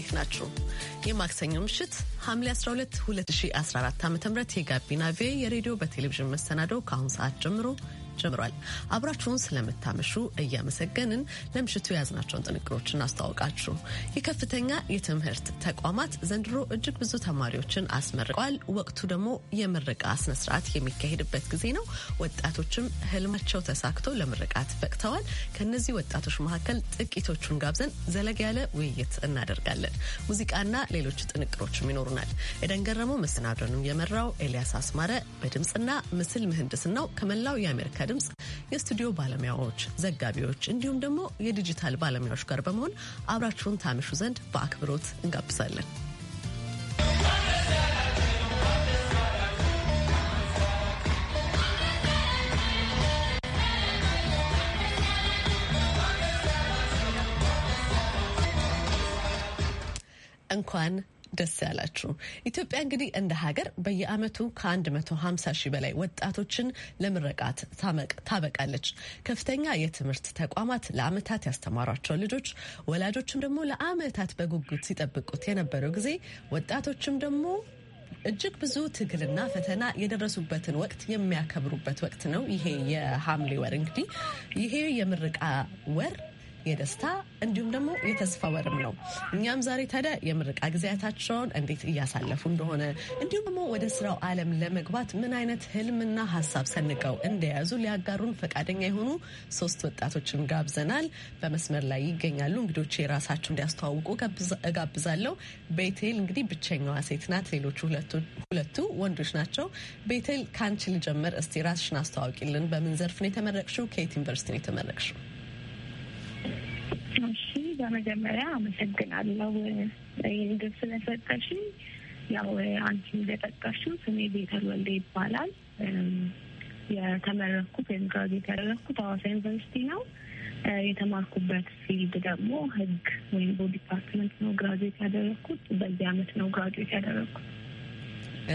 እንዴት ናችሁ? የማክሰኞ ምሽት ሐምሌ 12 2014 ዓ ም የጋቢና ቪ የሬዲዮ በቴሌቪዥን መሰናዶው ከአሁን ሰዓት ጀምሮ ጀምሯል። አብራችሁን ስለምታመሹ እያመሰገንን ለምሽቱ የያዝናቸውን ጥንቅሮች እናስተዋውቃችሁ። የከፍተኛ የትምህርት ተቋማት ዘንድሮ እጅግ ብዙ ተማሪዎችን አስመርቀዋል። ወቅቱ ደግሞ የምረቃ ስነስርዓት የሚካሄድበት ጊዜ ነው። ወጣቶችም ህልማቸው ተሳክቶ ለምርቃት በቅተዋል። ከነዚህ ወጣቶች መካከል ጥቂቶቹን ጋብዘን ዘለግ ያለ ውይይት እናደርጋለን። ሙዚቃና ሌሎች ጥንቅሮችም ይኖሩናል። ኤደን ገረመው መሰናዶንም የመራው ኤልያስ አስማረ በድምፅና ምስል ምህንድስናው ከመላው የአሜሪካ ድምፅ የስቱዲዮ ባለሙያዎች፣ ዘጋቢዎች እንዲሁም ደግሞ የዲጂታል ባለሙያዎች ጋር በመሆን አብራችሁን ታመሹ ዘንድ በአክብሮት እንጋብዛለን። እንኳን ደስ ያላችሁ። ኢትዮጵያ እንግዲህ እንደ ሀገር በየአመቱ ከ150 ሺህ በላይ ወጣቶችን ለምረቃት ታበቃለች። ከፍተኛ የትምህርት ተቋማት ለአመታት ያስተማሯቸው ልጆች፣ ወላጆችም ደግሞ ለአመታት በጉጉት ሲጠብቁት የነበረው ጊዜ ወጣቶችም ደግሞ እጅግ ብዙ ትግልና ፈተና የደረሱበትን ወቅት የሚያከብሩበት ወቅት ነው። ይሄ የሐምሌ ወር እንግዲህ ይሄ የምረቃ ወር የደስታ እንዲሁም ደግሞ የተስፋ ወርም ነው። እኛም ዛሬ ታዲያ የምርቃ ጊዜያታቸውን እንዴት እያሳለፉ እንደሆነ እንዲሁም ደግሞ ወደ ስራው ዓለም ለመግባት ምን አይነት ህልምና ሀሳብ ሰንቀው እንደያዙ ሊያጋሩን ፈቃደኛ የሆኑ ሶስት ወጣቶችን ጋብዘናል። በመስመር ላይ ይገኛሉ። እንግዶች የራሳቸው እንዲያስተዋውቁ እጋብዛለሁ። ቤቴል እንግዲህ ብቸኛዋ ሴት ናት። ሌሎቹ ሁለቱ ወንዶች ናቸው። ቤቴል ከአንቺ ልጀምር። እስቲ ራስሽን አስተዋውቂልን። በምን ዘርፍ ነው የተመረቅሽው? ከየት ዩኒቨርሲቲ ነው የተመረቅሽው? በመጀመሪያ አመሰግናለሁ ግብ ስለሰጠሽ ያው አንቺ እንደጠቀሽው ስሜ ቤተል ወልደ ይባላል። የተመረኩት ወይም ግራጅ ያደረኩት ሐዋሳ ዩኒቨርሲቲ ነው። የተማርኩበት ፊልድ ደግሞ ህግ ወይም ቦ ዲፓርትመንት ነው። ግራጁዌት ያደረግኩት በዚህ አመት ነው ግራጁዌት ያደረኩት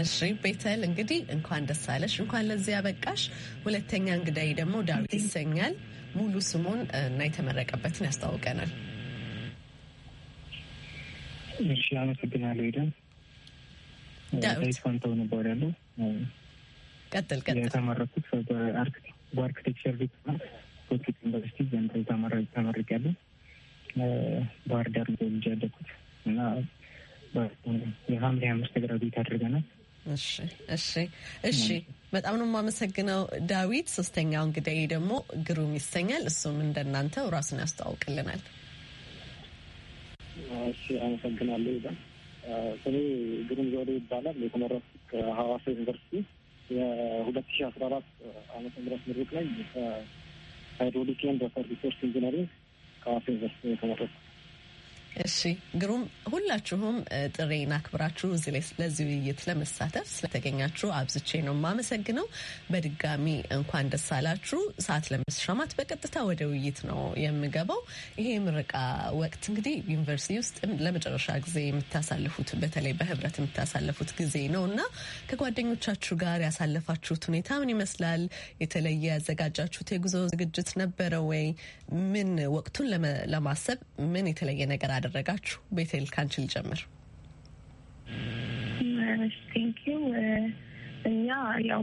እሺ ቤተል እንግዲህ እንኳን ደስ አለሽ፣ እንኳን ለዚህ ያበቃሽ። ሁለተኛ እንግዳይ ደግሞ ዳዊት ይሰኛል። ሙሉ ስሙን እና የተመረቀበትን ያስታውቀናል። እሺ፣ አመሰግናለሁ። ሄደን ዳዊት ፋንታው ነበር ያለው። ቀጥል ቀጥል። የተመረኩት በአርክቴክቸር ዩኒቨርሲቲ ዘንድሮ ባህር ዳር ልጅ ያደኩት እና አምስት ግራጁዌት አድርገናል። እሺ እሺ እሺ። በጣም ነው የማመሰግነው ዳዊት። ሶስተኛው እንግዲህ ደግሞ ግሩም ይሰኛል። እሱም እንደናንተው ራሱን ያስተዋውቅልናል። እሺ አመሰግናለሁ። ይዛል ስሜ ግሩም ዘወዴ ይባላል። የተመረኩት ከሀዋሳ ዩኒቨርሲቲ የሁለት ሺ አስራ አራት አመተ ምህረት ምሩቅ ላይ ሃይድሮሊክ ኤንድ ሰርቪሶች ኢንጂነሪንግ ከሀዋሳ ዩኒቨርሲቲ የተመረኩት እሺ ግሩም፣ ሁላችሁም ጥሬን አክብራችሁ ለዚህ ውይይት ለመሳተፍ ስለተገኛችሁ አብዝቼ ነው የማመሰግነው። በድጋሚ እንኳን ደስ አላችሁ። ሰዓት ለመሻማት በቀጥታ ወደ ውይይት ነው የምገባው። ይሄ ምረቃ ወቅት እንግዲህ ዩኒቨርሲቲ ውስጥ ለመጨረሻ ጊዜ የምታሳልፉት በተለይ በህብረት የምታሳልፉት ጊዜ ነው እና ከጓደኞቻችሁ ጋር ያሳለፋችሁት ሁኔታ ምን ይመስላል? የተለየ ያዘጋጃችሁት የጉዞ ዝግጅት ነበረ ወይ? ምን ወቅቱን ለማሰብ ምን የተለየ ነገር ያደረጋችሁ? ቤቴል ካንቺ ልጀምር። እኛ ያው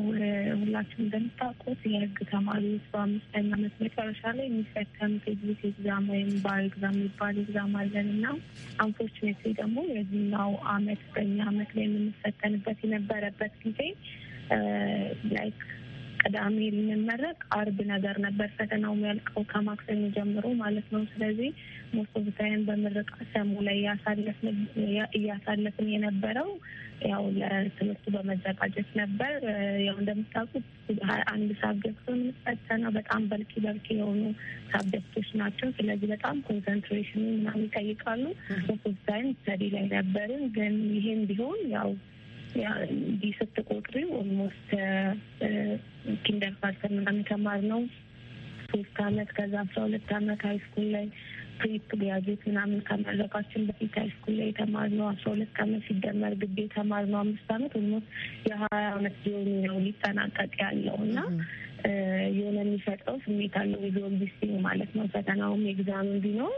ሁላችን እንደምታውቁት የህግ ተማሪዎች በአምስተኛ ዓመት መጨረሻ ላይ የሚፈተኑት ኤግዚት ኤግዛም ወይም ባል ኤግዛም የሚባል ኤግዛም አለን እና አንፎርችኔት ደግሞ የዚህኛው አመት በኛ አመት ላይ የምንፈተንበት የነበረበት ጊዜ ላይክ ቅዳሜ ልንመረቅ አርብ ነገር ነበር ፈተናው የሚያልቀው ከማክሰኞ ጀምሮ ማለት ነው። ስለዚህ ሞስት ኦፍ ታይም ሰሙ ላይ እያሳለፍን የነበረው ያው ለትምህርቱ በመዘጋጀት ነበር። ያው እንደምታውቁት አንድ ሳብጀክት የምንፈተነው በጣም በልኪ በልኪ የሆኑ ሳብጀክቶች ናቸው። ስለዚህ በጣም ኮንሰንትሬሽን ምናምን ይጠይቃሉ። ሞስት ኦፍ ታይም ስተዲ ላይ ነበርን። ግን ይህም ቢሆን ያው እንዲህ ስትቆጥሪ ኦልሞስት ኪንደር ፓርተር ምናምን ነው። ሶስት አመት ከዛ አስራ ሁለት አመት ሀይስኩል ላይ ፕሪፕ ግራጁዌት ምናምን ከመረቃችን በፊት ሀይስኩል ላይ የተማር ነው አስራ ሁለት አመት ሲደመር ግቢ ነው አምስት አመት ኦልሞስት የሀያ አመት ሊሆኑ ነው ሊጠናቀቅ ያለው እና የሆነ የሚሰጠው ስሜት አለው። የዞን ቢስቲኝ ማለት ነው። ፈተናውም ኤግዛም ቢኖር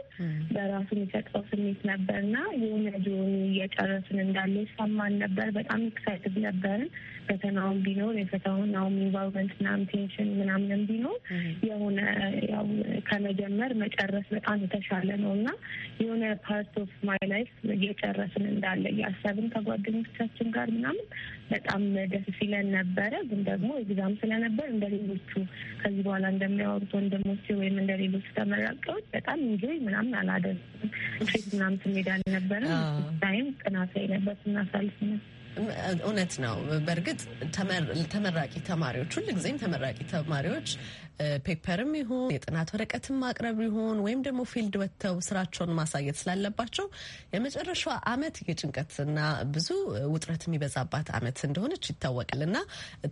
በራሱ የሚሰጠው ስሜት ነበር እና የሆነ ጆኑ እየጨረስን እንዳለ ይሰማን ነበር። በጣም ኤክሳይትድ ነበርን። ፈተናውም ቢኖር የፈተናውን አሁን ኢንቫይሮንመንት ምናምን ቴንሽን ምናምንም ቢኖር የሆነ ያው ከመጀመር መጨረስ በጣም የተሻለ ነው እና የሆነ ፓርት ኦፍ ማይ ላይፍ እየጨረስን እንዳለ እያሰብን ከጓደኞቻችን ጋር ምናምን በጣም ደስ ሲለን ነበረ። ግን ደግሞ ኤግዛም ስለነበር እንደሌሎ ሌሎቹ ከዚህ በኋላ እንደሚያወሩት ወንድሞቼ ወይም እንደ ሌሎች ተመራቂዎች በጣም እንጆይ ምናምን አላደርግም። ትሬት ምናምን ስሜዳ ነበረ ታይም ጥናት ላይ ነበር ስናሳልፍ ነው። እውነት ነው። በእርግጥ ተመራቂ ተማሪዎች ሁልጊዜም ተመራቂ ተማሪዎች ፔፐርም ይሁን የጥናት ወረቀትም ማቅረብ ይሁን ወይም ደግሞ ፊልድ ወጥተው ስራቸውን ማሳየት ስላለባቸው የመጨረሻዋ አመት የጭንቀትና ብዙ ውጥረት የሚበዛባት አመት እንደሆነች ይታወቃል እና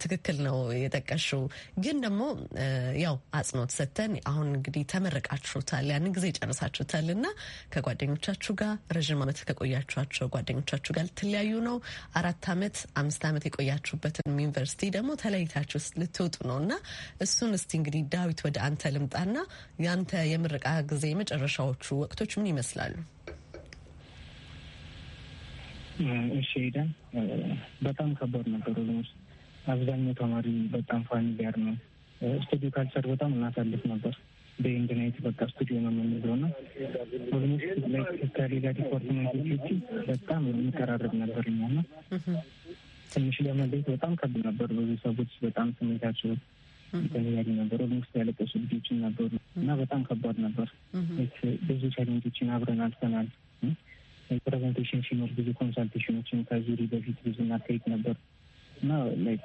ትክክል ነው የጠቀሽው። ግን ደግሞ ያው አጽንኦት ሰጥተን አሁን እንግዲህ ተመረቃችሁታል፣ ያን ጊዜ ጨርሳችሁታል እና ከጓደኞቻችሁ ጋር ረዥም አመት ከቆያችኋቸው ጓደኞቻችሁ ጋር ልትለያዩ ነው። አራት አመት አምስት አመት የቆያችሁበትን ዩኒቨርሲቲ ደግሞ ተለይታችሁ ልትወጡ ነው እና እሱን እስቲ እንግዲህ ዳዊት ወደ አንተ ልምጣና ያንተ የምረቃ ጊዜ የመጨረሻዎቹ ወቅቶች ምን ይመስላሉ? እሺ ሄደን በጣም ከባድ ነበር። ኦልሞስት አብዛኛው ተማሪ በጣም ፋሚሊያር ነው። ስቱዲዮ ካልቸር በጣም እናሳልፍ ነበር። በኢንድናይት በቃ ስቱዲዮ ነው የምንይዘው ና ኦልሞስት ከሌላ ዲፓርትመንቶች በጣም የሚቀራረብ ነበር እኛ እና ትንሽ ለመለየት በጣም ከብድ ነበር። ብዙ ሰዎች በጣም ስሜታቸው የተለያዩ ነበሩ ውስጥ ያለቀሱ ልጆችን ነበሩ እና በጣም ከባድ ነበር። ብዙ ቻሌንጆችን አብረን አልፈናል። ፕሬዘንቴሽን ሲኖር ብዙ ኮንሳልቴሽኖችን ከዙሪ በፊት ብዙ እናካሄድ ነበር እና ላይክ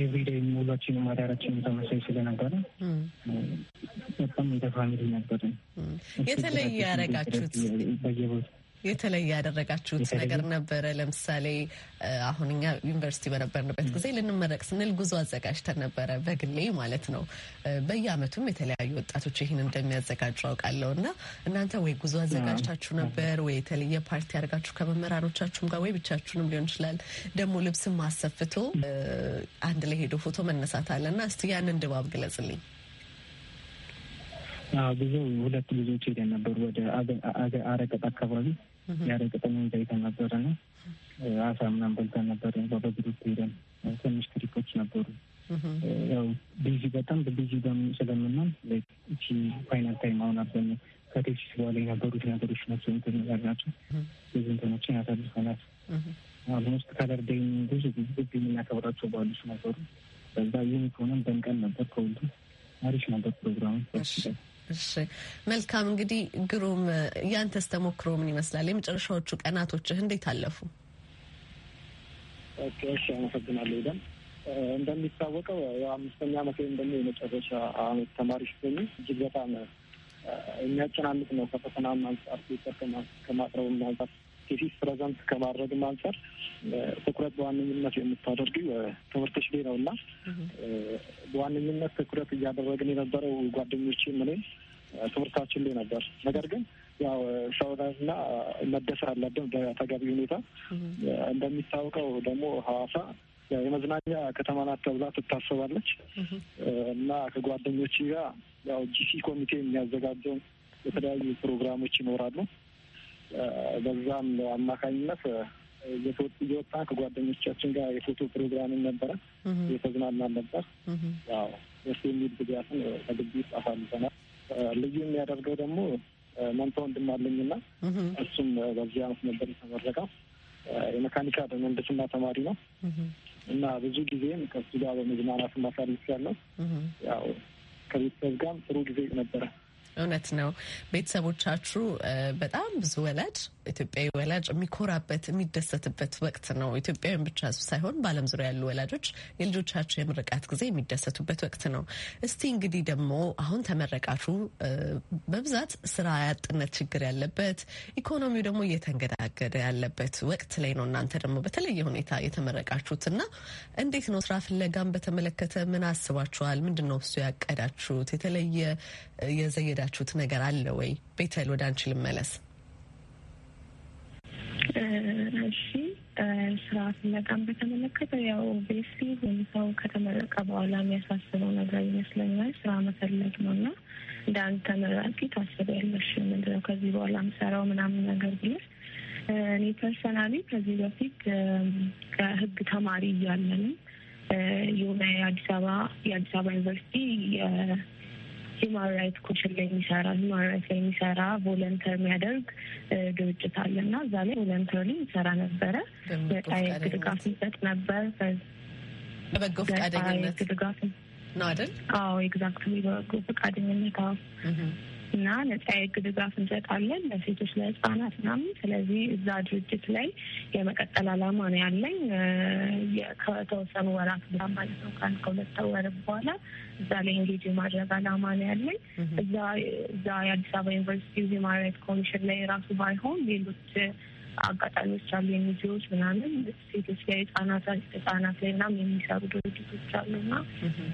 ኤቭሪዴይ ሙሏችን ማዳራችን ተመሳይ ስለነበረ በጣም እንደ ፋሚሊ ነበርን። የተለየ ያደረጋችሁት የተለየ ያደረጋችሁት ነገር ነበረ? ለምሳሌ አሁን እኛ ዩኒቨርሲቲ በነበርንበት ጊዜ ልንመረቅ ስንል ጉዞ አዘጋጅተን ነበረ፣ በግሌ ማለት ነው። በየአመቱም የተለያዩ ወጣቶች ይህን እንደሚያዘጋጁ አውቃለሁ። እና እናንተ ወይ ጉዞ አዘጋጅታችሁ ነበር ወይ የተለየ ፓርቲ አድርጋችሁ ከመምህራኖቻችሁም ጋር ወይ ብቻችሁንም ሊሆን ይችላል። ደግሞ ልብስም ማሰፍቶ አንድ ላይ ሄዶ ፎቶ መነሳት አለ እና እስቲ ያንን ድባብ ግለጽልኝ። ብዙ ሁለት ብዙዎች ሄደን ነበሩ ወደ አረቀጥ አካባቢ ያረቅጠን ዘይተን ነበረ ነው አሳ ምናምን በልተን ነበር። በግሩፕ ሄደን ትንሽ ትሪኮች ነበሩ። ያው ቢዚ በጣም ቢዚ ስለምናም እቺ ፋይናል ታይም አሁን አብዛኛው ከቴክሲስ በኋላ የነበሩት ነገሮች ናቸው። ንትንያል ናቸው ብዙ እንትኖችን ያሳልፈናል። ከለር ካለርደኝ ብዙ ብዙ የምናከብራቸው በዓሎች ነበሩ። በዛ ይህን ከሆነም በንቀን ነበር ከሁሉ አሪፍ ነበር ፕሮግራሙ። እሺ መልካም እንግዲህ ግሩም፣ ያንተስ ተሞክሮ ምን ይመስላል? የመጨረሻዎቹ ቀናቶችህ እንዴት አለፉ? እሺ አመሰግናለሁ። ደም እንደሚታወቀው ያው አምስተኛ አመት ወይም ደግሞ የመጨረሻ አመት ተማሪ ሲሆኑ እጅግ በጣም የሚያጨናንቅ ነው። ከፈተናም አንጻር ከማቅረቡም አንጻር ቴሲስ ፕሬዘንት ከማድረግም አንጻር ትኩረት በዋነኝነት የምታደርጊው ትምህርትሽ ላይ ነው እና በዋነኝነት ትኩረት እያደረግን የነበረው ጓደኞች እኔም ትምህርታችን ላይ ነበር። ነገር ግን ያው ሰውና መደሰት አለብን በተገቢ ሁኔታ። እንደሚታወቀው ደግሞ ሀዋሳ የመዝናኛ ከተማ ናት ተብላ ትታሰባለች እና ከጓደኞች ጋር ያው ጂሲ ኮሚቴ የሚያዘጋጀው የተለያዩ ፕሮግራሞች ይኖራሉ። በዛም አማካኝነት እየወጣ ከጓደኞቻችን ጋር የፎቶ ፕሮግራምን ነበረ፣ እየተዝናናን ነበር። ያው ደስ የሚል ጊዜያትን በግቢ ውስጥ አሳልፈናል። ልዩ የሚያደርገው ደግሞ መንታ ወንድም አለኝና እሱም በዚህ አመት ነበር የተመረቀው። የመካኒካ ምህንድስና ተማሪ ነው እና ብዙ ጊዜም ከሱ ጋር በመዝናናት ማሳልፍ ያለው ያው ከቤተሰብ ጋርም ጥሩ ጊዜ ነበረ። እውነት ነው። ቤተሰቦቻችሁ በጣም ብዙ ወላጅ ኢትዮጵያዊ ወላጅ የሚኮራበት የሚደሰትበት ወቅት ነው። ኢትዮጵያውያን ብቻ ሳይሆን በዓለም ዙሪያ ያሉ ወላጆች የልጆቻቸው የምርቃት ጊዜ የሚደሰቱበት ወቅት ነው። እስቲ እንግዲህ ደግሞ አሁን ተመረቃችሁ፣ በብዛት ስራ ያጥነት ችግር ያለበት ኢኮኖሚው ደግሞ እየተንገዳገደ ያለበት ወቅት ላይ ነው። እናንተ ደግሞ በተለየ ሁኔታ የተመረቃችሁት እና እንዴት ነው ስራ ፍለጋን በተመለከተ ምን አስባችኋል? ምንድን ነው እሱ ያቀዳችሁት የተለየ የዘየዳ የተረዳችሁት ነገር አለ ወይ? ቤተል ወደ አንቺ ልመለስ። እሺ ስራ ፍለጋን በተመለከተ ያው ቤሲ ሁን ሰው ከተመረቀ በኋላ የሚያሳስበው ነገር ይመስለኛል ስራ መፈለግ ነው እና እንደ አንድ ተመራቂ ታስቢያለሽ ምንድን ነው ከዚህ በኋላ የምሰራው ምናምን ነገር ብለሽ እኔ ፐርሰናሊ ከዚህ በፊት ከህግ ተማሪ እያለንም የሆነ የአዲስ አበባ የአዲስ አበባ ዩኒቨርሲቲ ሂማን ራይት ኮሽን ላይ የሚሰራ ሂማን ራይት ላይ የሚሰራ ቮለንተር የሚያደርግ ድርጅት አለ እና እዛ ላይ ቮለንተር ይሰራ ነበረ። በጣየግ ድጋፍ ይሰጥ ነበር። በበጎ ፈቃደኝነት ድጋፍ ነው አይደል? አዎ ኤግዛክት በበጎ ፈቃደኝነት አዎ እና ነጻ የህግ ድጋፍ እንሰጣለን ለሴቶች ለህጻናት ምናምን። ስለዚህ እዛ ድርጅት ላይ የመቀጠል አላማ ነው ያለኝ። ከተወሰኑ ወራት በኋላ ማለት ነው ከአንድ ከሁለት ወር በኋላ እዛ ላይ ኢንጌጅ የማድረግ አላማ ነው ያለኝ። እዛ እዛ የአዲስ አበባ ዩኒቨርሲቲ ሂውማን ራይት ኮሚሽን ላይ ራሱ ባይሆን ሌሎች አጋጣሚዎች አሉ። የሚዜዎች ምናምን ሴቶች ላይ ህጻናት ላይ ናም የሚሰሩ ድርጅቶች አሉ አሉና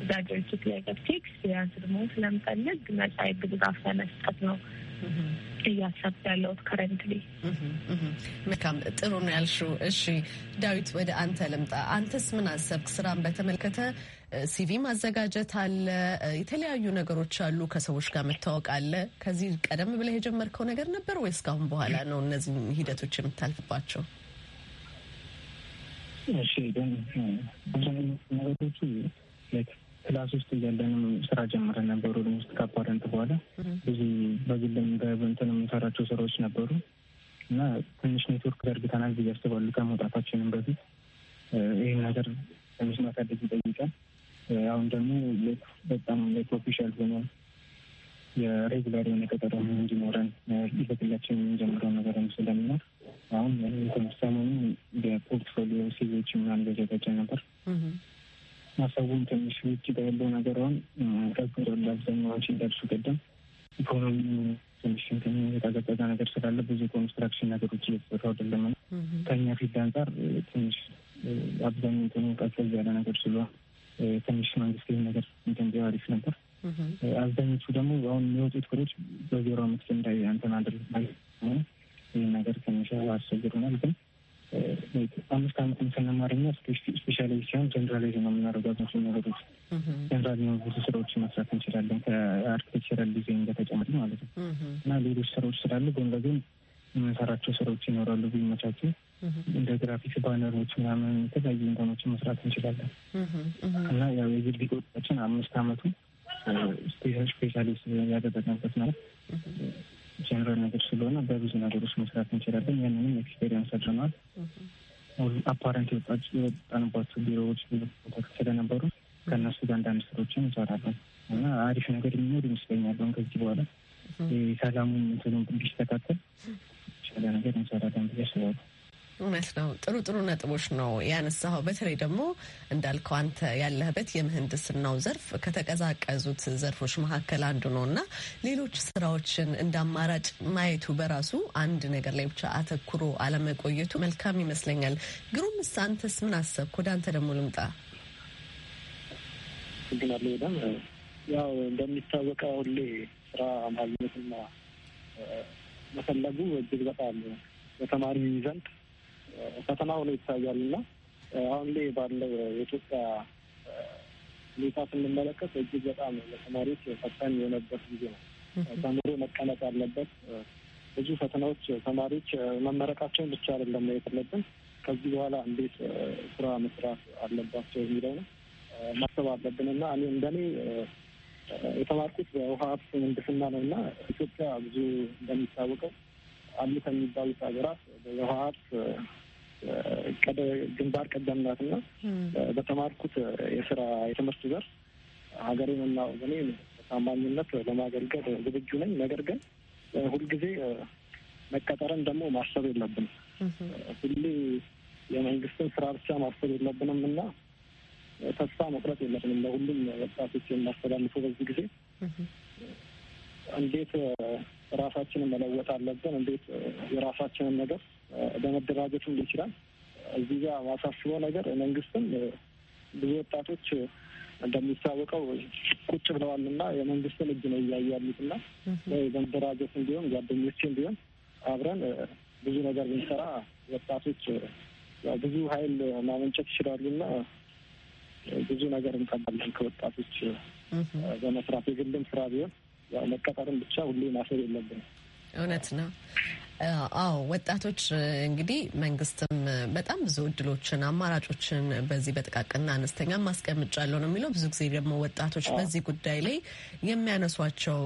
እዛ ድርጅት ላይ ገብቼ ኤክስፔሪንስ ደግሞ ስለምፈልግ ነጻ የህግ ድጋፍ ለመስጠት ነው እያሰብኩ ያለሁት ከረንትሊ። መልካም ጥሩ ነው ያልሽው። እሺ ዳዊት፣ ወደ አንተ ልምጣ። አንተስ ምን አሰብክ ስራን በተመለከተ? ሲቪ ማዘጋጀት አለ፣ የተለያዩ ነገሮች አሉ፣ ከሰዎች ጋር መታወቅ አለ። ከዚህ ቀደም ብለህ የጀመርከው ነገር ነበር ወይ እስካሁን በኋላ ነው እነዚህ ሂደቶች የምታልፍባቸው? እሺ፣ ነገሮቹ ክላስ ውስጥ እያለንም ስራ ጀምረን ነበሩ። ውስጥ ካፓረንት በኋላ ብዙ በግልም በብንትን የምንሰራቸው ስራዎች ነበሩ እና ትንሽ ኔትወርክ ዘርግተናል ብዬ አስባለሁ። ከመውጣታችንም በፊት ይህን ነገር ትንሽ ማሳደግ ይጠይቃል። አሁን ደግሞ በጣም ኦፊሻል ሆኗል። የሬጉላር የሆነ ቀጠሮ እንዲኖረን በግላችን የምንጀምረው ነገር ስለሚኖር አሁን ሰሞኑን የፖርትፎሊዮ ሲቪዎች ምናምን ዘዘጋጀ ነበር። ማሰቡን ትንሽ ውጭ ያለው ነገር አሁን ረግሮላ አብዛኛዎች ደርሱ ቅድም ኢኮኖሚ ትንሽ የተቀጠቀጠ ነገር ስላለ ብዙ ኮንስትራክሽን ነገሮች እየተሰሩ አይደለም። ከኛ ፊት አንጻር ትንሽ አብዛኛው ቀዝቀዝ ያለ ነገር ስለሆነ ትንሽ መንግስት ይህ ነገር እንትን ቢሆን አሪፍ ነበር። አብዛኞቹ ደግሞ አሁን የሚወጡት ኮሮች በዜሮ አመት ግን ላይ አንተን አድር ይህ ነገር ትንሽ አስቸግሮናል። ግን አምስት አመት ምስንማርኛ ስፔሻላይዝ ሲሆን ጀንራላይዝ ነው የምናደርጋቸው ነገሮች ጀንራል ነው። ብዙ ስራዎች መስራት እንችላለን። ከአርክቴክቸራል ዲዛይን በተጨማሪ ማለት ነው እና ሌሎች ስራዎች ስላሉ ጎን ለጎን የምንሰራቸው ስራዎች ይኖራሉ ቢመቻቸው እንደ ግራፊክስ ባነሮች ምናምን የተለያዩ ንጎኖችን መስራት እንችላለን እና ያው የግቢ ቆጣችን አምስት አመቱ ስፔሻል ስፔሻሊስት ያደረገበት ነው። ጀነራል ነገር ስለሆነ በብዙ ነገሮች መስራት እንችላለን። ያንንም ኤክስፔሪንስ አድርገናል። አፓረንት የወጣንባቸው ቢሮዎች ቦታ ስለነበሩ ከእነሱ ጋር አንዳንድ ስራዎችን እንሰራለን እና አሪፍ ነገር የሚኖር ይመስለኛለን። ከዚህ በኋላ ሰላሙን እንትኑ ቢስተካከል የተሻለ ነገር እንሰራለን ብዬ አስባለሁ። እውነት ነው። ጥሩ ጥሩ ነጥቦች ነው ያነሳኸው። በተለይ ደግሞ እንዳልከው አንተ ያለህበት የምህንድስናው ዘርፍ ከተቀዛቀዙት ዘርፎች መካከል አንዱ ነው እና ሌሎች ስራዎችን እንደ አማራጭ ማየቱ በራሱ አንድ ነገር ላይ ብቻ አተኩሮ አለመቆየቱ መልካም ይመስለኛል። ግሩምስ አንተስ ምን አሰብክ? ወደ አንተ ደግሞ ልምጣ። ያው እንደሚታወቀው ሁሌ ስራ ማግኘትና መፈለጉ እጅግ በጣም በተማሪ ዘንድ ፈተና ሆኖ ይታያል እና አሁን ላይ ባለው የኢትዮጵያ ሁኔታ ስንመለከት እጅግ በጣም ለተማሪዎች ፈታኝ የሆነበት ጊዜ ነው። ተምሮ መቀመጥ ያለበት ብዙ ፈተናዎች ተማሪዎች መመረቃቸውን ብቻ አይደለም ማየት አለብን። ከዚህ በኋላ እንዴት ስራ መስራት አለባቸው የሚለው ነው ማሰብ አለብን እና እኔ እንደኔ የተማርኩት በውሃ ሀብት ምህንድስና ነው እና ኢትዮጵያ ብዙ እንደሚታወቀው አሉ ከሚባሉት ሀገራት በህወሀት ግንባር ቀደምናት እና በተማርኩት የስራ የትምህርት ዘርፍ ሀገሬን እና ወገኔን በታማኝነት ለማገልገል ዝግጁ ነኝ። ነገር ግን ሁልጊዜ መቀጠርን ደግሞ ማሰብ የለብንም። ሁሌ የመንግስትን ስራ ብቻ ማሰብ የለብንም እና ተስፋ መቁረጥ የለብንም። ለሁሉም ወጣቶች የማስተላልፈው በዚህ ጊዜ እንዴት ራሳችንን መለወጥ አለብን። እንዴት የራሳችንን ነገር በመደራጀትም ይችላል። እዚህ ጋር ማሳስበው ነገር መንግስትም ብዙ ወጣቶች እንደሚታወቀው ቁጭ ብለዋል እና የመንግስትን እጅ ነው እያዩ ያሉት እና በመደራጀት እንዲሆን ጓደኞች እንዲሆን አብረን ብዙ ነገር ብንሰራ ወጣቶች ብዙ ኃይል ማመንጨት ይችላሉ እና ብዙ ነገር እንቀባለን ከወጣቶች በመስራት የግልም ስራ ቢሆን ያው መቀጠርን ብቻ ሁሌ ማሰብ የለብን። እውነት ነው። አዎ ወጣቶች እንግዲህ መንግስትም በጣም ብዙ እድሎችን፣ አማራጮችን በዚህ በጥቃቅና አነስተኛ ማስቀምጫለሁ ነው የሚለው። ብዙ ጊዜ ደግሞ ወጣቶች በዚህ ጉዳይ ላይ የሚያነሷቸው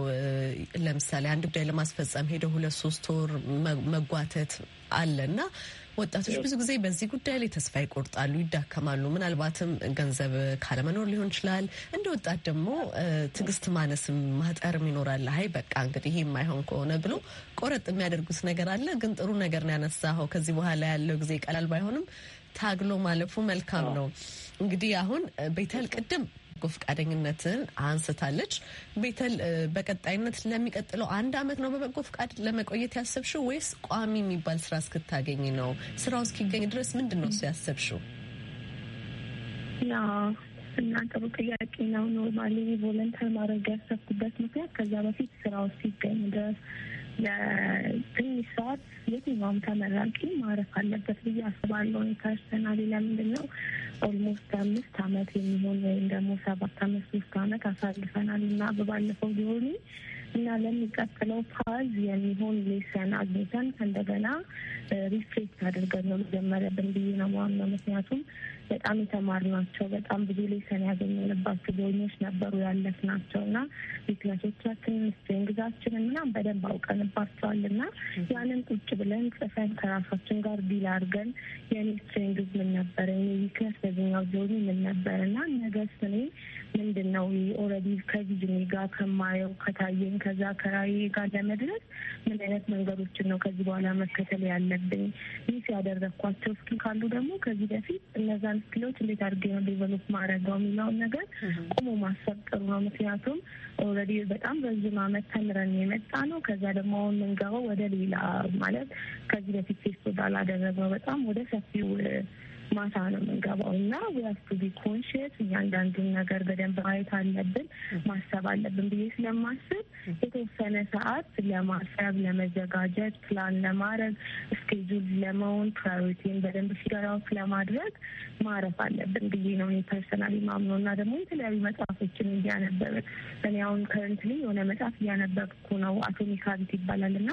ለምሳሌ አንድ ጉዳይ ለማስፈጸም ሄደው ሁለት ሶስት ወር መጓተት አለ እና ወጣቶች ብዙ ጊዜ በዚህ ጉዳይ ላይ ተስፋ ይቆርጣሉ፣ ይዳከማሉ። ምናልባትም ገንዘብ ካለመኖር ሊሆን ይችላል። እንደ ወጣት ደግሞ ትዕግስት ማነስም ማጠርም ይኖራል። አይ በቃ እንግዲህ የማይሆን ከሆነ ብሎ ቆረጥ የሚያደርጉት ነገር አለ። ግን ጥሩ ነገር ነው ያነሳኸው። ከዚህ በኋላ ያለው ጊዜ ቀላል ባይሆንም ታግሎ ማለፉ መልካም ነው። እንግዲህ አሁን ቤተል ቅድም በጎ ፍቃደኝነትን አንስታለች። ቤተል በቀጣይነት ለሚቀጥለው አንድ አመት ነው በበጎ ፍቃድ ለመቆየት ያሰብሽው ወይስ ቋሚ የሚባል ስራ እስክታገኝ ነው? ስራው እስኪገኝ ድረስ ምንድን ነው እሱ ያሰብሽው? እና ጥሩ ጥያቄ ነው። ኖርማሊ ቮለንተር ማድረግ ያሰብኩበት ምክንያት ከዛ በፊት ስራው ሲገኝ ድረስ ለትንሽ ሰዓት የትኛውም ተመራቂ ማረፍ አለበት ብዬ አስባለሁ። ፐርሰናሊ ለምንድን ነው ኦልሞስት አምስት አመት የሚሆን ወይም ደግሞ ሰባት አመት ሶስት አመት አሳልፈናል እና በባለፈው ቢሆኑ እና ለሚቀጥለው ፓዝ የሚሆን ሌሰን አግኝተን ከእንደገና ሪፍሌክት አድርገን ነው መጀመሪያ ሊጀመረብን ብዬ ነው ማምነው። ምክንያቱም በጣም ናቸው። በጣም ብዙ ሌሰን ያገኘንባቸው ጎብኞች ነበሩ ናቸው እና ዊክነሶቻችንን ስትሬንግዛችንን ምናም በደንብ አውቀንባቸዋል እና ያንን ቁጭ ብለን ጽፈን ከራሳችን ጋር ዲል አድርገን የኔ ስትሬንግዝ ምን ነበረ፣ የኔ ዊክነስ በዚኛው ዞኒ ምን ነበረ እና ነገስ እኔ ምንድን ነው ኦልሬዲ ከቪዥኔ ጋር ከማየው ከታየኝ ከዛ ከራዬ ጋር ለመድረስ ምን አይነት መንገዶችን ነው ከዚህ በኋላ መከተል ያለብኝ? ይህ ያደረግኳቸው እስኪ ካሉ ደግሞ ከዚህ በፊት እነዛ እነዛን ስኪሎች እንዴት አድርጌ ነው ዴቨሎፕ ማድረገው የሚለውን ነገር ቁሞ ማሰብ ጥሩ ነው። ምክንያቱም ኦልሬዲ በጣም ረዥም ዓመት ተምረን የመጣ ነው። ከዛ ደግሞ አሁን የምንገባው ወደ ሌላ ማለት ከዚህ በፊት ቴስት ወዳላደረግነው በጣም ወደ ሰፊው ማታ ነው የምንገባው እና ዊያስቱ ቢ ኮንሽስ እያንዳንዱን ነገር በደንብ ማየት አለብን፣ ማሰብ አለብን ብዬ ስለማስብ የተወሰነ ሰዓት ለማሰብ፣ ለመዘጋጀት፣ ፕላን ለማድረግ፣ ስኬጁል ለመሆን፣ ፕራዮሪቲን በደንብ ፊገር አውት ለማድረግ ማረፍ አለብን ብዬ ነው እኔ ፐርሰናሊ ማምነው እና ደግሞ የተለያዩ መጽሐፎችን እያነበብን እኔ አሁን ከረንትሊ የሆነ መጽሐፍ እያነበብኩ ነው። አቶሚክ ሃቢት ይባላል እና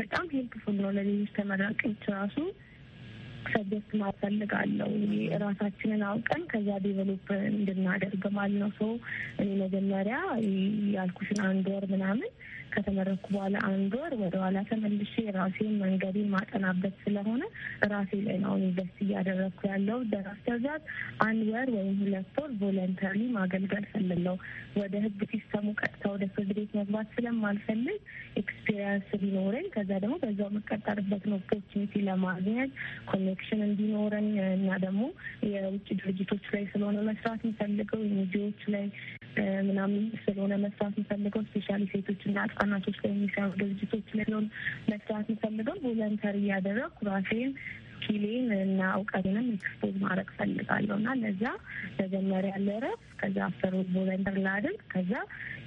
በጣም ሄልፕፉል ነው ለሌሎች ተመራቂዎች ራሱ ሰብጀክት ማፈልጋለው ራሳችንን አውቀን ከዚያ ዴቨሎፕ እንድናደርግ ማለት ነው። ሰው እኔ መጀመሪያ ያልኩሽን አንድ ወር ምናምን ከተመረኩ በኋላ አንድ ወር ወደኋላ ተመልሼ ራሴን መንገዴን ማጠናበት ስለሆነ ራሴ ላይ ነው ኢንቨስት እያደረግኩ ያለው። ደራፍተር ዛት አንድ ወር ወይም ሁለት ወር ቮለንተሪ ማገልገል ፈልለው ወደ ህግ ሲስተሙ ቀጥታ ወደ ፍርድ ቤት መግባት ስለማልፈልግ ኤክስፔሪንስ ቢኖረኝ ከዛ ደግሞ በዛው የምቀጠርበትን ኦፖርቹኒቲ ለማግኘት ኮኔክሽን እንዲኖረኝ እና ደግሞ የውጭ ድርጅቶች ላይ ስለሆነ መስራት የሚፈልገው የሚዲዎች ላይ ምናምን ስለሆነ መስራት የምፈልገው ስፔሻሊ ሴቶችና ህጻናቶች ላይ የሚሰሩ ድርጅቶች ላይ ሆን መስራት የምፈልገው ቮለንተሪ እያደረግኩ ራሴን ስኪሌን እና እውቀቴንም ኤክስፖዝ ማድረግ ፈልጋለሁ እና ለዛ መጀመሪያ ለረፍ ከዛ አስር ቮለንተር ላድርግ ከዛ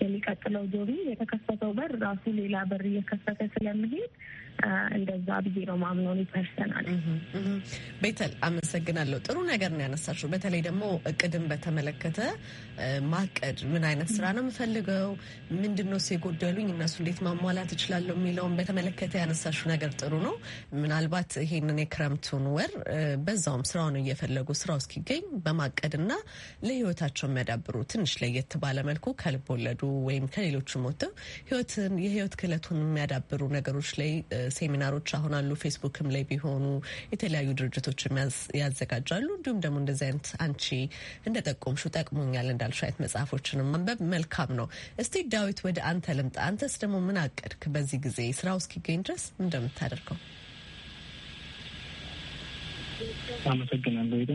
የሚቀጥለው ጆቢ የተከፈተው በር ራሱ ሌላ በር እየከፈተ ስለምሄድ እንደዛ ብዬ ነው ማምኖን ይፐርሰናል። ቤተል አመሰግናለሁ። ጥሩ ነገር ነው ያነሳሽው። በተለይ ደግሞ እቅድን በተመለከተ ማቀድ፣ ምን አይነት ስራ ነው የምፈልገው፣ ምንድነው ነው የጎደሉኝ፣ እነሱ እንዴት ማሟላት እችላለሁ የሚለውን በተመለከተ ያነሳሹ ነገር ጥሩ ነው። ምናልባት ይሄንን የክረምቱን ወር በዛውም ስራውን እየፈለጉ ስራው እስኪገኝ በማቀድና ለህይወታቸው የሚያዳብሩ ትንሽ ለየት ባለ መልኩ ከልብ ወለዱ ወይም ከሌሎቹ ወጥተው ህይወትን የህይወት ክለቱን የሚያዳብሩ ነገሮች ላይ ሴሚናሮች አሁን አሉ። ፌስቡክም ላይ ቢሆኑ የተለያዩ ድርጅቶች ያዘጋጃሉ። እንዲሁም ደግሞ እንደዚህ አይነት አንቺ እንደ ጠቆምሹ ጠቅሞኛል እንዳልሹ አይነት መጽሐፎችንም ማንበብ መልካም ነው። እስቲ ዳዊት ወደ አንተ ልምጣ። አንተስ ደግሞ ምን አቀድክ በዚህ ጊዜ ስራው እስኪገኝ ድረስ እንደምታደርገው? አመሰግናለሁ።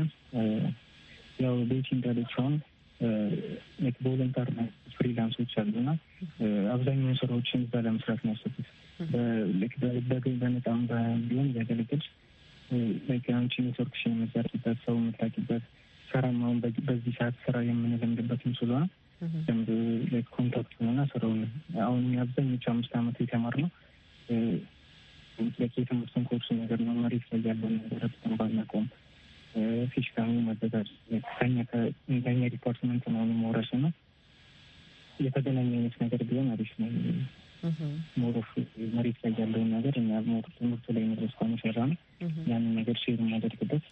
ያው ቤቲ እንዳለችው ቮለንታር ፍሪላንሶች አሉ አብዛኛውን ስራዎችን እዛ ለመስራት ያሰቡት በነጣም ቢሆን ያገለግል አንቺ ኔትወርክሽ የምትዘርጊበት ሰው የምታቂበት ሰራም አሁን በዚህ ሰዓት ስራ የምንለምድበትም ስለሆነ ደንብ ኮንታክት ሆና ስራውን አሁን አብዛኞቹ አምስት አመት ዓመት የተማርነው የትምህርትን ኮርሱ ነገር ነው መሬት ላይ ያለውን ነገር ባናውቀውም ፊሽካሙ መዘጋጅ ከኛ ዲፓርትመንት ነው መውረሱ ነው የተገናኘ አይነት ነገር ቢሆን አሪፍ ነው። ሞሮፍ መሬት ላይ ያለውን ነገር እኛ ሞር ትምህርቱ ላይ መድረስ ሰራ ነው ያንን ነገር ሼር የማደርግበት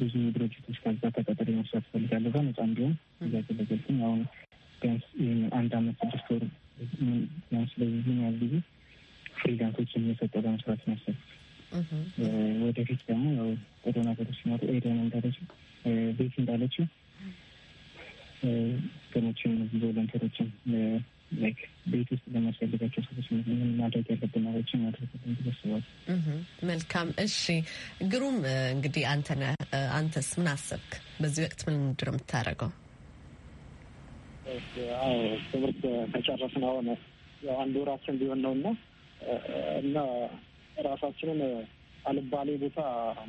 ብዙ ድርጅቶች ከዛ ተቀጠር መስራት ፈልጋለ ጋር ነጻ እንዲሆን እያገለገልኩኝ አሁን ቢያንስ አንድ አመት ስድስት ወር ቢያንስ ላይ ምን ያህል ጊዜ ፍሪላንሶች እየሰጠ ለመስራት ነው ያሰብኩት። ወደፊት ደግሞ ቆዶና ነገሮች ሲመጡ ኤደን እንዳለችው ቤት እንዳለችው ገኖችን ቮለንተሮችን ላይክ ቤት ውስጥ ለሚያስፈልጋቸው ሰዎች ምን ማድረግ ያለብን ነገሮችን ማድረግ ተስባል። መልካም እሺ፣ ግሩም እንግዲህ አንተነ አንተስ ምን አሰብክ? በዚህ ወቅት ምን ምንድር የምታደርገው? ትምህርት ከጨረስን አሁን ያው አንድ ወራችን ቢሆን ነው እና እና ራሳችንን አልባሌ ቦታ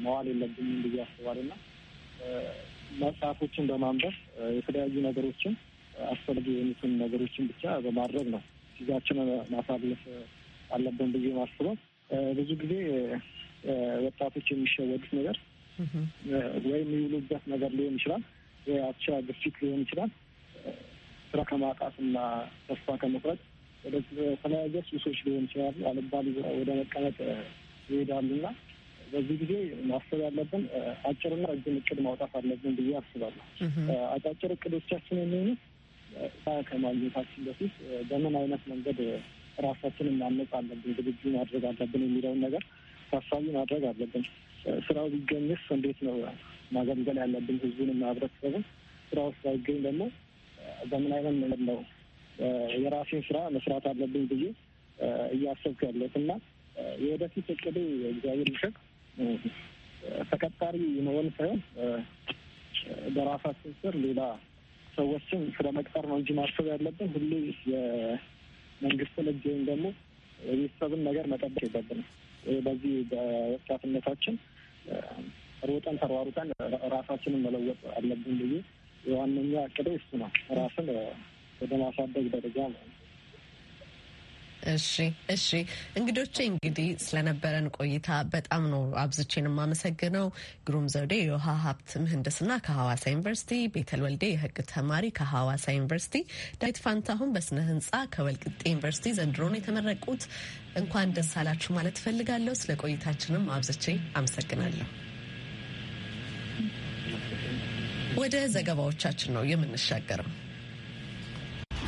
መዋል የለብንም ብዬ አስባለሁና መጽሐፎችን በማንበብ የተለያዩ ነገሮችን አስፈልጊ የሆኑትን ነገሮችን ብቻ በማድረግ ነው ጊዜያችንን ማሳለፍ አለብን ብዬ ማስበው። ብዙ ጊዜ ወጣቶች የሚሸወዱት ነገር ወይም የሚውሉበት ነገር ሊሆን ይችላል፣ አቻ ግፊት ሊሆን ይችላል፣ ስራ ከማጣትና ተስፋ ከመቁረጥ ወደ ተለያየ ሱሶች ሊሆን ይችላሉ፣ አልባሌ ወደ መቀመጥ ይሄዳሉና በዚህ ጊዜ ማሰብ ያለብን አጭርና ረጅም እቅድ ማውጣት አለብን ብዬ አስባለሁ። አጫጭር እቅዶቻችን የሚሆኑት ከማግኘታችን በፊት በምን አይነት መንገድ ራሳችንን ማነጽ አለብን፣ ዝግጁ ማድረግ አለብን የሚለውን ነገር ታሳቢ ማድረግ አለብን። ስራው ቢገኝስ እንዴት ነው ማገልገል ያለብን ህዝቡንም ማህበረሰብን? ስራው ይገኝ ደግሞ በምን አይነት መንገድ ነው የራሴን ስራ መስራት አለብኝ ብዬ እያሰብኩ ያለሁት እና የወደፊት እቅድ እግዚአብሔር ይመስገን ተቀጣሪ መሆን ሳይሆን በራሳችን ስር ሌላ ሰዎችን ስለ መቅጠር ነው እንጂ ማሰብ ያለብን ሁሉ የመንግስትን እጅ ወይም ደግሞ የቤተሰብን ነገር መጠበቅ የለብንም። በዚህ በወጣትነታችን ሮጠን ተሯሩጠን ራሳችንን መለወጥ አለብን ብዬ የዋነኛ እቅዴ እሱ ነው ራስን ወደ ማሳደግ ደረጃ ነው። እሺ እሺ። እንግዶቼ እንግዲህ ስለነበረን ቆይታ በጣም ነው አብዝቼን የማመሰግነው። ግሩም ዘውዴ የውሃ ሀብት ምህንድስና ከሐዋሳ ዩኒቨርሲቲ፣ ቤተል ወልዴ የህግ ተማሪ ከሐዋሳ ዩኒቨርሲቲ፣ ዳዊት ፋንታሁን በስነ ህንጻ ከወልቅጤ ዩኒቨርሲቲ ዘንድሮ ነው የተመረቁት። እንኳን ደስ አላችሁ ማለት ፈልጋለሁ። ስለ ቆይታችንም አብዝቼ አመሰግናለሁ። ወደ ዘገባዎቻችን ነው የምንሻገረው።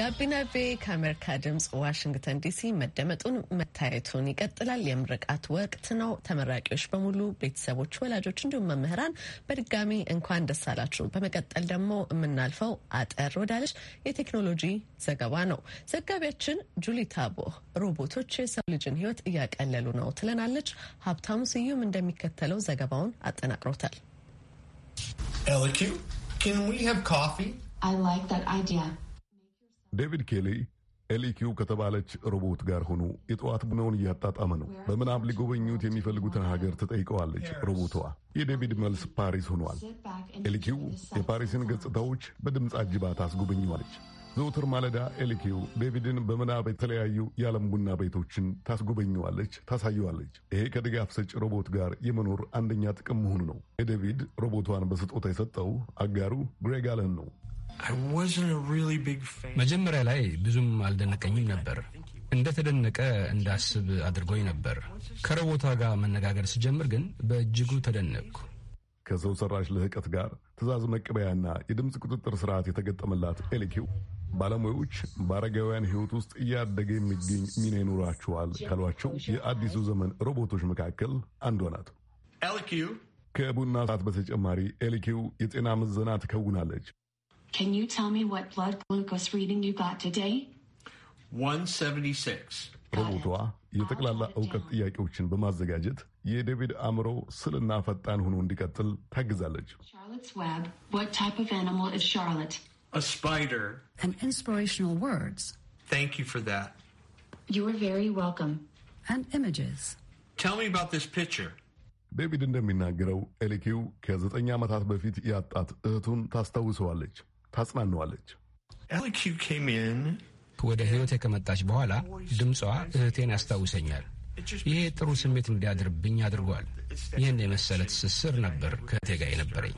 ጋቢና ቤ ከአሜሪካ ድምፅ ዋሽንግተን ዲሲ መደመጡን መታየቱን ይቀጥላል። የምርቃት ወቅት ነው። ተመራቂዎች በሙሉ ቤተሰቦች፣ ወላጆች እንዲሁም መምህራን በድጋሚ እንኳን ደስ አላችሁ። በመቀጠል ደግሞ የምናልፈው አጠር ወዳለች የቴክኖሎጂ ዘገባ ነው። ዘጋቢያችን ጁሊ ታቦ ሮቦቶች የሰው ልጅን ሕይወት እያቀለሉ ነው ትለናለች። ሀብታሙ ስዩም እንደሚከተለው ዘገባውን አጠናቅሮታል። ኤልኪው ካን ዊ ሃቭ ኮፊ አይ ላይክ ዛት አይዲያ ዴቪድ ኬሊ ኤሊኪው ከተባለች ሮቦት ጋር ሆኖ የጠዋት ቡናውን እያጣጣመ ነው። በምናብ ሊጎበኙት የሚፈልጉትን ሀገር ትጠይቀዋለች ሮቦቷ። የዴቪድ መልስ ፓሪስ ሆኗል። ኤሊኪው የፓሪስን ገጽታዎች በድምፅ አጅባ ታስጎበኘዋለች። ዘውትር ማለዳ ኤሊኪው ዴቪድን በምናብ የተለያዩ የዓለም ቡና ቤቶችን ታስጎበኘዋለች፣ ታሳየዋለች። ይሄ ከድጋፍ ሰጭ ሮቦት ጋር የመኖር አንደኛ ጥቅም መሆኑ ነው። የዴቪድ ሮቦቷን በስጦታ የሰጠው አጋሩ ግሬግ አለን ነው። መጀመሪያ ላይ ብዙም አልደነቀኝም ነበር። እንደተደነቀ እንዳስብ አድርጎኝ ነበር። ከረቦታ ጋር መነጋገር ስጀምር ግን በእጅጉ ተደነቅኩ። ከሰው ሰራሽ ልህቀት ጋር ትዕዛዝ መቀበያና የድምፅ ቁጥጥር ስርዓት የተገጠመላት ኤሌኪው ባለሙያዎች በአረጋውያን ሕይወት ውስጥ እያደገ የሚገኝ ሚና ይኖራቸዋል ካሏቸው የአዲሱ ዘመን ሮቦቶች መካከል አንዷ ናት። ከቡና ሰዓት በተጨማሪ ኤሊኪው የጤና ምዘና ትከውናለች። Can you tell me what blood glucose reading you got today? 176 ሮቦቷ የጠቅላላ እውቀት ጥያቄዎችን በማዘጋጀት የዴቪድ አእምሮ ስልና ፈጣን ሆኖ እንዲቀጥል ታግዛለች። ዴቪድ እንደሚናገረው ኤሊኪው ከዘጠኝ ዓመታት በፊት ያጣት እህቱን ታስታውሰዋለች። ታጽናነዋለች። ወደ ህይወት ከመጣች በኋላ ድምጿ እህቴን ያስታውሰኛል። ይሄ ጥሩ ስሜት እንዲያድርብኝ አድርጓል። ይህን የመሰለ ትስስር ነበር ከእህቴ ጋር የነበረኝ።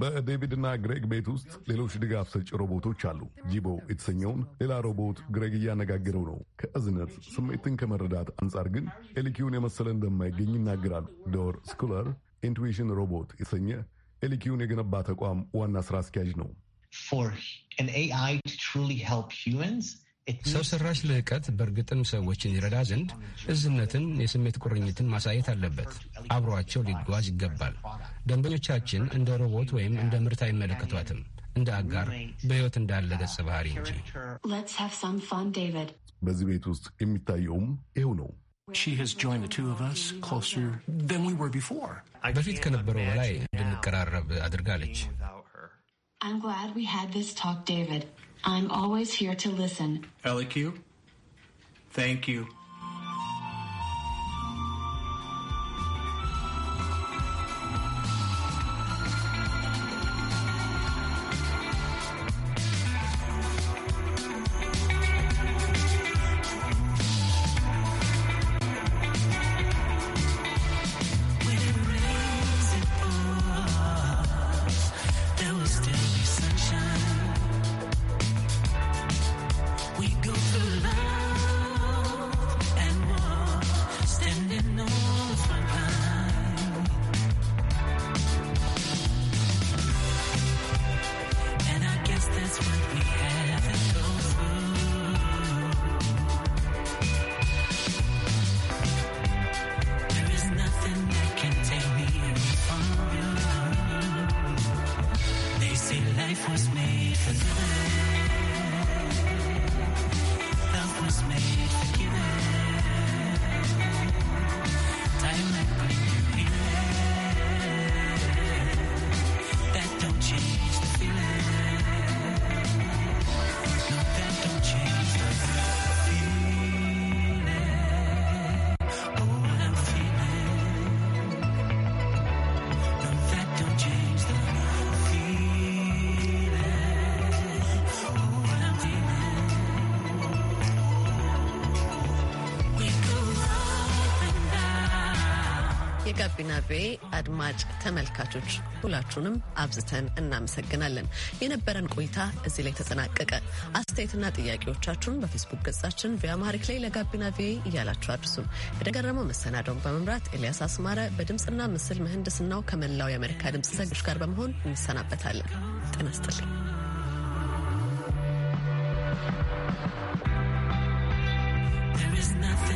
በዴቪድና ግሬግ ቤት ውስጥ ሌሎች ድጋፍ ሰጪ ሮቦቶች አሉ። ጂቦ የተሰኘውን ሌላ ሮቦት ግሬግ እያነጋገረው ነው። ከእዝነት ስሜትን ከመረዳት አንጻር ግን ኤሊኪውን የመሰለ እንደማይገኝ ይናገራሉ። ዶር ስኩለር ኢንቱዊሽን ሮቦት የተሰኘ ኤሊኪውን የገነባ ተቋም ዋና ስራ አስኪያጅ ነው። ሰው ሰራሽ ልዕቀት በእርግጥም ሰዎችን ይረዳ ዘንድ እዝነትን፣ የስሜት ቁርኝትን ማሳየት አለበት። አብሯቸው ሊጓዝ ይገባል። ደንበኞቻችን እንደ ሮቦት ወይም እንደ ምርት አይመለከቷትም፣ እንደ አጋር በሕይወት እንዳለ ገጽ ባህሪ እንጂ። በዚህ ቤት ውስጥ የሚታየውም ይኸው ነው። በፊት ከነበረው በላይ እንድንቀራረብ አድርጋለች። I'm glad we had this talk, David. I'm always here to listen. LEQ, thank you. የጋቢና ቤ አድማጭ ተመልካቾች ሁላችሁንም አብዝተን እናመሰግናለን። የነበረን ቆይታ እዚህ ላይ ተጠናቀቀ። አስተያየትና ጥያቄዎቻችሁን በፌስቡክ ገጻችን ቪያማሪክ ላይ ለጋቢና ቪ እያላችሁ አድርሱ። የተገረመው መሰናዳውን በመምራት ኤልያስ አስማረ፣ በድምፅና ምስል ምህንድስናው ከመላው የአሜሪካ ድምፅ ዘጋቢዎች ጋር በመሆን እንሰናበታለን። ጤና ይስጥልኝ። There is nothing